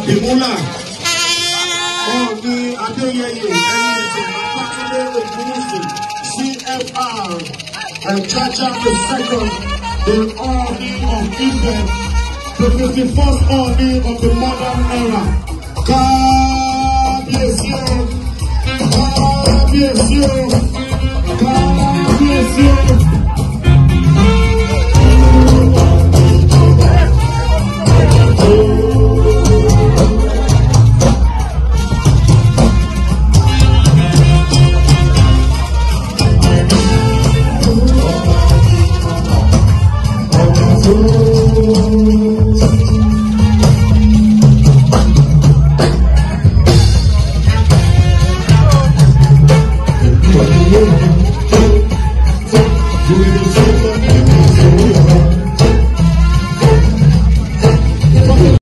àdìmúlà ọ̀gbìn adéyẹyẹ ẹ̀yìn àpákílé ògúnwùsì cfr ẹ̀chacha the second the army of Ife the fifty-first army of the modern era. God Do you